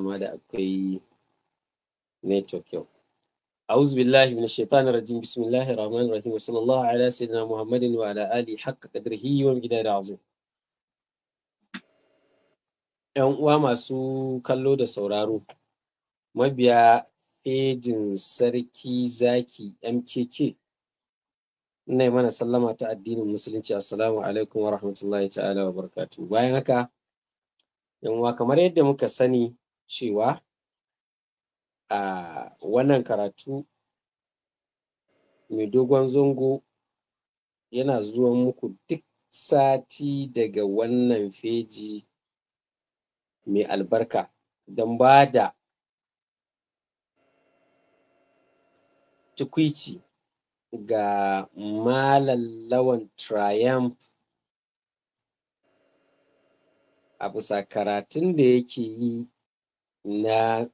amma da akwai network yau أعوذ بالله من الشيطان الرجيم بسم الله الرحمن الرحيم وصلى الله على سيدنا محمد وعلى آله حق قدره ومقدار عظيم ‘Yan uwa masu kallo da sauraro, mabiya fejin sarki zaki MKK, ina mana sallama ta addinin Musulunci, Assalamu alaikum wa rahmatullahi ta'ala wa barakatu. Bayan haka, ‘yan uwa kamar yadda muka sani, cewa a wannan karatu mai dogon zango yana zuwa muku duk sati daga wannan feji mai albarka don ba da tukwici ga malallawan triumph a bisa karatun da yake yi na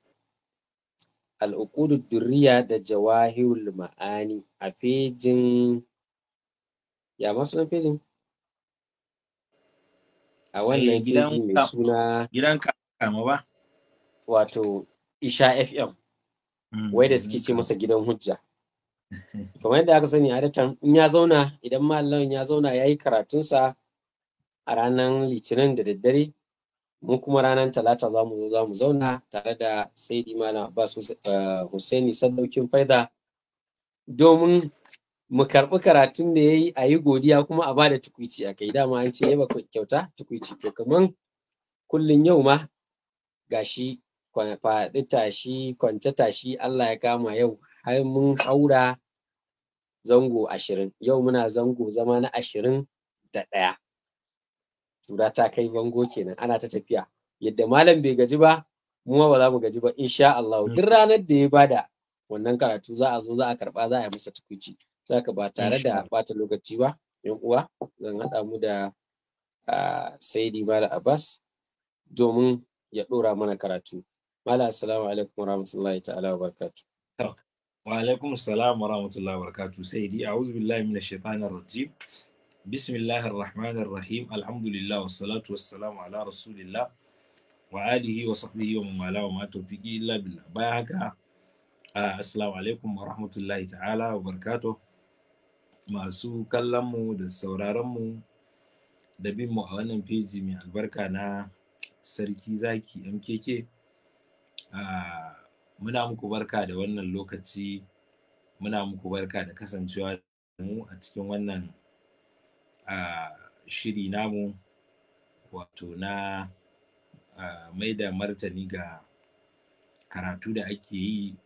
al'ukudu duriya da jawahirul ma'ani a fejin ya masu na fejin a eh, wannan feji mai suna gidan kama ba wato isha fm hmm, wai da suke ce masa gidan hujja kamar yadda aka sani a in ya zauna idan malamin ya zauna ya yi karatunsa a ranar litinin da daddare mu kuma ranar talata za mu zo za mu zauna tare da saidi malam su eh, hussaini sadaukin faida domin mu karɓi karatun da ya yi a yi godiya kuma a ba da tukwici a kai dama an ce yaba kyauta tukwici to kaman kullum yau ma gashi faɗi tashi kwance tashi Allah ya kama yau har mun haura zango ashirin yau muna zango zama na ashirin da ɗaya tura ta kai bango kenan ana ta tafiya yadda malam bai gaji ba mu ma ba za mu gaji ba insha Allah hmm. duk ranar da ya bada wannan karatu za a zo za a karba za a yi masa tukuci saka ba tare da bata lokaci ba yan uwa zan hada mu da Saidi Malam Abbas domin ya ɗora mana karatu Malam assalamu alaikum warahmatullahi ta'ala wa barakatuh wa alaikum assalam warahmatullahi wa barakatuh Saidi a'udhu billahi minash shaitanir rajim bismillahir rahmanir rahim alhamdulillah wassalatu wassalamu ala rasulillah wa alihi wa sahbihi wa man wala wa ma illa billah bayan alaikum wa rahmatullahi ta'ala wa barakatuh masu kallon mu da sauraron mu da bin mu a wannan feji mai albarka na sarki zaki mkk muna muku barka da wannan lokaci muna muku barka da kasancewa mu a cikin wannan a shiri namu wato na mai da martani ga karatu da ake yi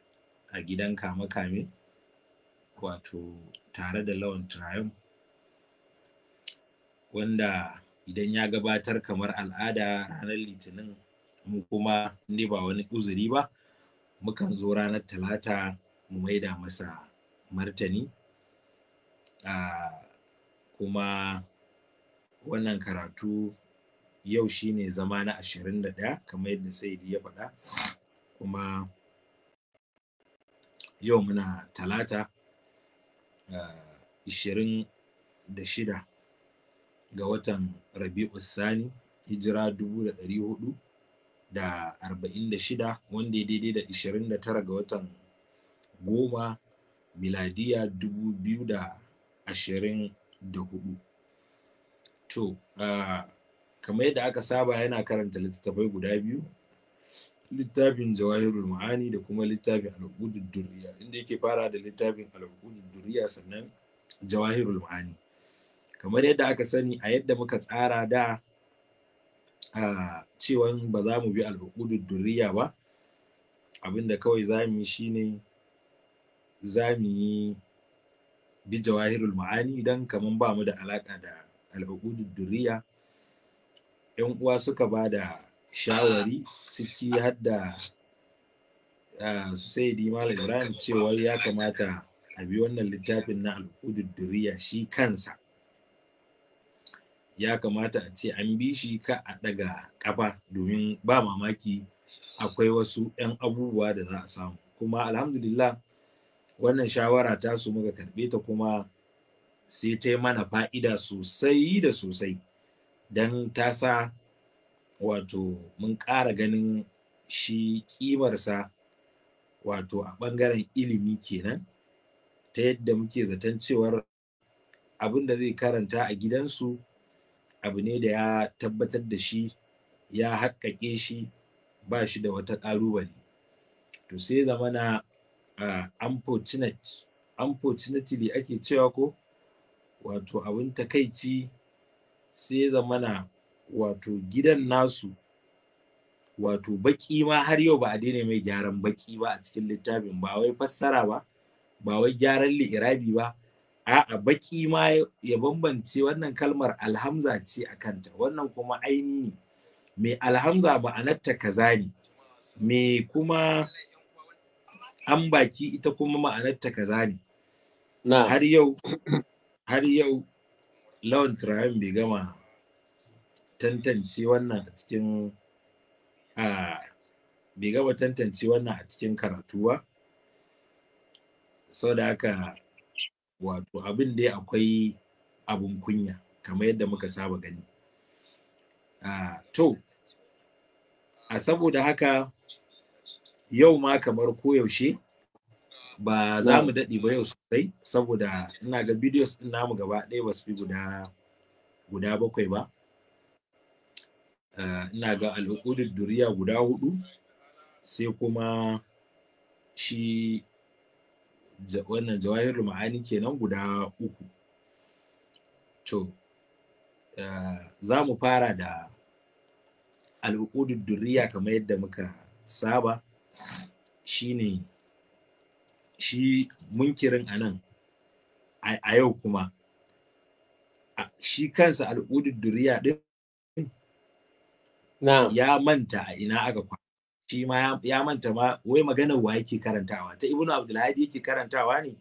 a gidan kame-kame wato tare da lawan triumph wanda idan ya gabatar kamar al'ada ranar litinin mu kuma ne ba wani uzuri ba mukan zo ranar talata mu maida masa martani a kuma wannan karatu yau shi ne zama na 21 kamar yadda saidi ya faɗa kuma yau muna talata uh, eh, 26 ga watan rabi'u sani hijira shida, wanda ya daidai da tara ga watan goma miladiya ashirin. da hudu to kamar yadda aka saba yana karanta littattafai guda biyu littafin jawahirul ma'ani da kuma littafin al'udud duriya, inda yake fara da littafin al'udud duriya sannan jawahirul ma'ani kamar yadda aka sani a yadda muka tsara da a cewan ba za mu bi al'udud duriya ba abinda kawai za mu yi shine za mu yi bi jawahirul ma'ani dan kaman ba mu da alaka da al'uqudud duriya yan uwa suka ba da shawari ciki har da su sai di ibrahim cewa ya kamata a bi wannan littafin na al'uqudud duriya shi kansa ya kamata a ce an bi shi ka a daga kafa domin ba mamaki akwai wasu 'yan abubuwa da za a samu kuma alhamdulillah wannan shawara ta su muka karɓe ta kuma sai ta yi mana fa'ida sosai da sosai don ta sa wato mun ƙara ganin shi ƙimarsa wato a ɓangaren ilimi kenan ta yadda muke zaton cewar abin da zai karanta a gidansu abu ne da ya tabbatar da shi ya haƙƙaƙe shi ba shi da wata ƙalubale to sai zamana Ah, unfortunate unfortunately ake cewa ko wato abin takaici sai zamana wato gidan nasu wato baki ma har yau ba a daina mai gyaran baki ba a cikin littafin ba wai fassara ba ba wai gyaran li'irabi ba a'a baki ma ya bambance wannan kalmar alhamza ce a kanta wannan kuma aini mai alhamza ba natta kaza ne mai kuma an baki ita kuma ma'anarta kaza ne har yau har yau lawan turayen bai gama tantance wannan a cikin bai gama tantance wannan a cikin karatu ba sau da haka wato abin dai akwai abun kunya kamar yadda muka saba gani to a saboda haka yau ma kamar koyaushe ba za mu daɗe ba yau sosai saboda ina ga bidiyos ɗin namu gaba ɗaya ba su fi guda guda bakwai ba eh, ina ga alhukudin duriya guda hudu sai kuma shi wannan jawahir ma'ani kenan guda uku to eh, za mu fara da alhukudin duriya kamar yadda muka saba shine shi munkirin anan a yau kuma shi kansa al'udud duriya din ya manta a ina aka kwa shi ma ya manta ma wai maganar wa yake karantawa ta ibnu abdulhadi yake karantawa ne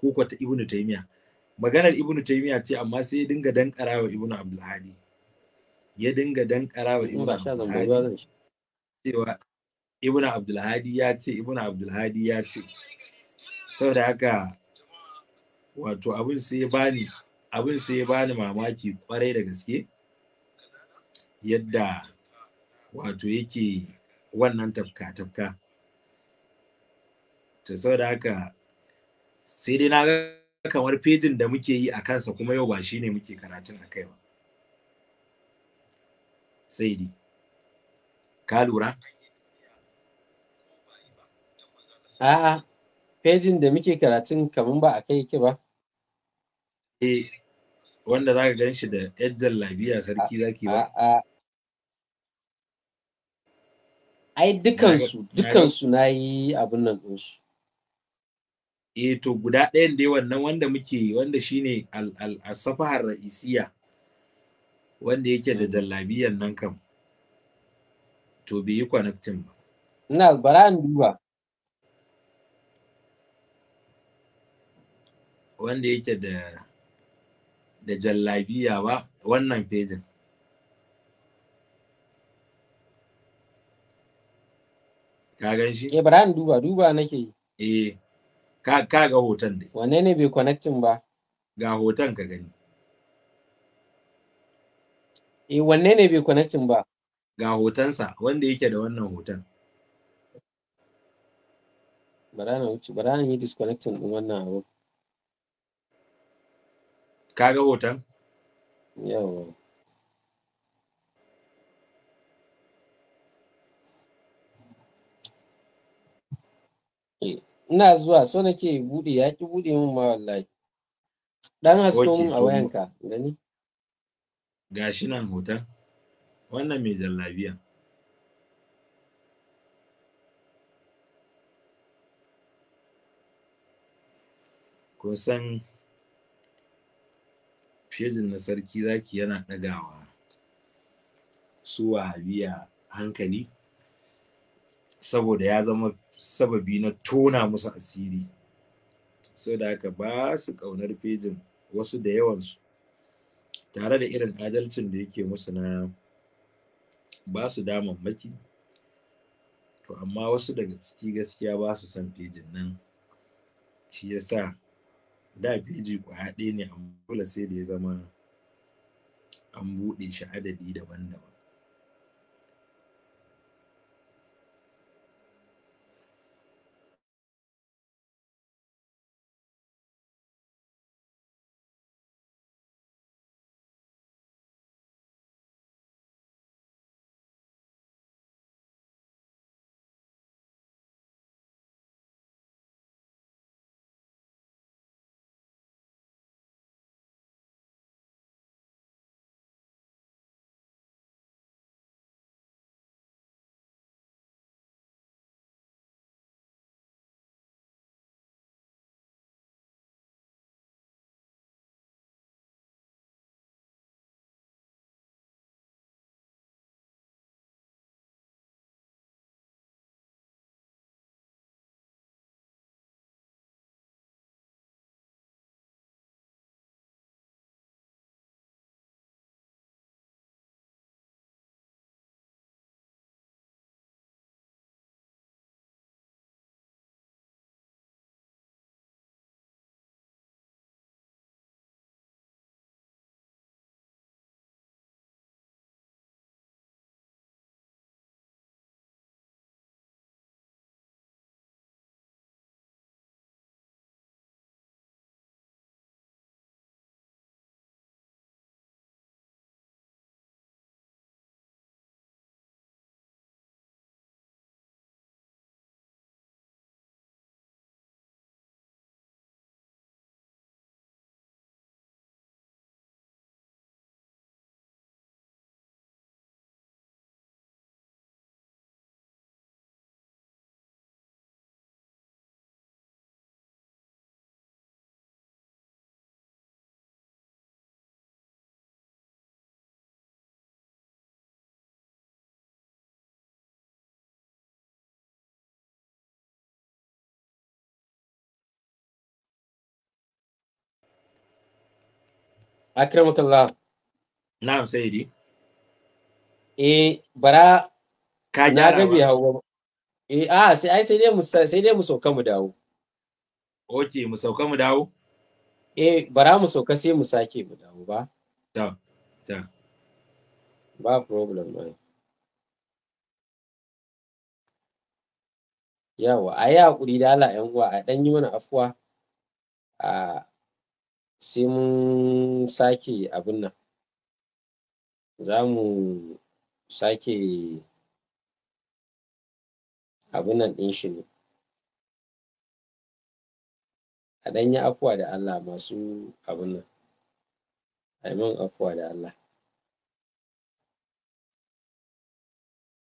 ko ko ta ibnu taymiya maganar ibnu taymiya ce amma sai ya dinga dankara wa ibnu abdulhadi ya dinga dankara wa ibnu abdulhadi cewa ibn abdulhadi ya ce ibn abdulhadi ya ce saboda haka wato abin sai ya bani abin sai ya bani mamaki kwarai da gaske yadda wato yake wannan tafka tafka to saboda haka sai dai na ga kamar fejin da muke yi a kansa kuma yau ba shi ne muke karatun a kai ba sai dai ka lura A'a, fejin da muke karatun kamar ba a kai yake ba. Eh, wanda za ka gan shi da yajjan labiya sarki za ki ba. A'a. Ai dukansu, dukansu na yi abin nan ɗinsu. E, to guda ɗayan dai wannan wanda muke yi, wanda shi ne al'asafahar ra'isiya wanda yake da jallabiyan mm. nan kam. To bai yi kwanaktin ba. Ina bara in duba. wanda yake da da jallabiya ba wannan fejin ka gan shi eh bara duba duba nake eh ka ka ga hoton dai wanne ne bai connecting ba ga hoton ka gani eh wanne ne bai connecting ba ga hotonsa wanda yake da wannan hoton bara na wuce bara na yi disconnecting din wannan abu Ka ga hoton? Yawa. Eh, ina zuwa so nake buɗe ya ki buɗe min ma wallahi. Ɗan hasken a wayanka gani? Gashi nan hoton. Wannan mai jallabiya. Kun san fejin na sarki zaki yana ɗagawa su wahabiya hankali saboda ya zama sababi na tona musu asiri sau da haka ba su ƙaunar fejin wasu da yawansu tare da irin adalcin da yake musu na ba su damammaki to amma wasu daga ciki gaskiya ba su san fejin nan shi yasa da feji kwaya ɗaya ne amma dole sai da ya zama an buɗe shi adadi daban-daban akramakallah na'am sayyidi eh bara ka na ga bi eh a ah, sai ai sai dai mu sai dai mu sauka mu dawo okay mu sauka mu dawo eh bara mu sauka sai mu sake mu dawo ba ta ta ba problem ba yawa a yi haƙuri da ala yan uwa a ɗan yi mana afuwa a ah, sai mun sake abin nan za mu sake abin nan ɗin shi ne a ɗan yi afuwa da Allah masu abin nan a yi min afuwa da Allah